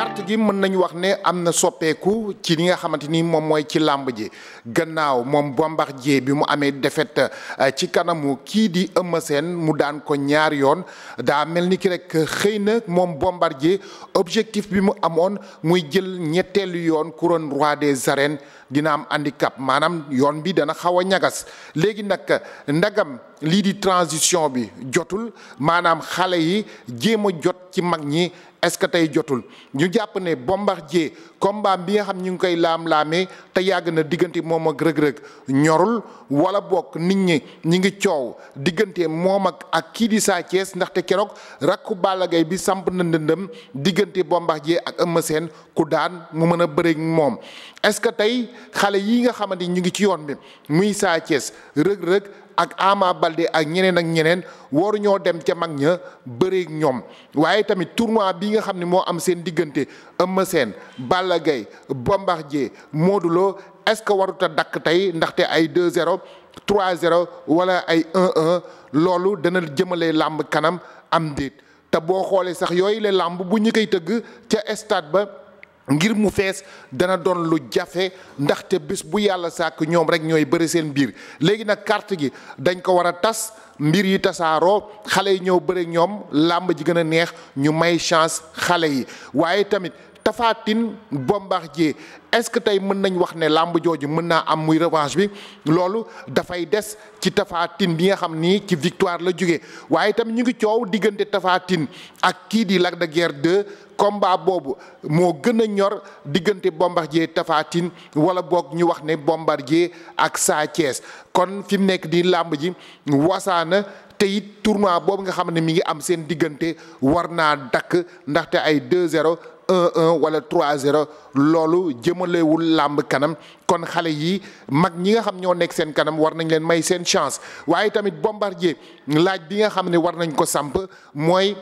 carte gi mën nañu wax ne am na soppeeku ci li nga xamante ni moom mooy ci làmb ji gannaaw moom bombar Bombardier bi mu amee defet euh, ci kanamu kii di Eumeu Sène mu daan ko ñaar yoon daa mel ni ki rek xëy na moom ji objectif bi mu amoon muy jël ñetteelu yoon couronne roi des arènes dina am handicap maanaam yoon bi dana xaw a ñagas léegi nag ndagam. lii di transition bi jotul maanaam xale yi jéem a jot ci mag ñi est-ce que tey jotul ñu jàpp ne Bombardier combat bi nga xam ñu ngi koy laam laame te yàgg na diggante moom ak rëg-rëg ñorul wala bokk nit ñi ñu ngi coow diggante moom ak ak kii di Sa Thiès ndaxte keroog rakku Balla Gaye bi samp na ndëndëm diggante bombax jee ak Eumeu Sène ku daan mu mën a bëre moom est-ce que tey xale yi nga xamante ñu ngi ci yoon bi muy Sa Thiès rëg-rëg ak Ama Baldé ak ñeneen ak ñeneen waru ñoo dem ca mag ña bëreeg ñoom waaye tamit tournoi bi nga xam ne moo am seen diggante Eumeu seen Balla Gaye Bombardier Modou Lo est-ce que warut a dakk tey ndaxte ay 2-0 trois 0 wala ay 1-1 loolu dana jëmale làmb kanam am déet te boo xoolee sax yooyu la làmb bu ñu koy tëgg ca stade ba. ngir mu fees dana doon lu jafe ndaxte bés bu yàlla sàkk ñoom rek ñooy bëri seen biir léegi nag kart gi dañ ko war a tas mbir yi tasaaroo xale yi ñëw bëri ñoom làmb ji gën a neex ñu may chance xale yi waaye tamit Tafatine Bombardier est-ce que tey mën nañ wax ne làmb jooju mën naa am muy revanche bi loolu dafay des ci tafaatin bi nga xam ni ci victoire la jóge waaye itam ñu ngi coow diggante Tafatine ak kii di Lac de Guiers 2 combat boobu moo gën a ñor diggante Bombardier tafaatin wala boog ñu wax ne Bombardier ak Sa Thiès kon fi mu nekk di làmb ji wasaana te it tournoi boobu nga xam ne mi ngi am seen diggante war naa dakk ndaxte ay 2-0. un wala trois zéro loolu jëmalewul làmb kanam kon xale yi mag ñi nga xam ñoo nekk seen kanam war nañ leen may seen chance waaye tamit bombardier laaj bi nga xam ne war nañ ko samp mooy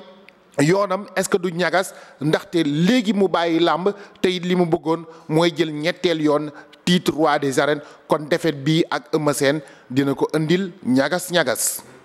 yoonam est-ce que du ñagas ndaxte léegi mu bàyyi làmb te li mu bëggoon mooy jël ñetteel yoon titre roi de arènes kon defet bii ak Eumeu Sène dina ko indil ñagas ñagas.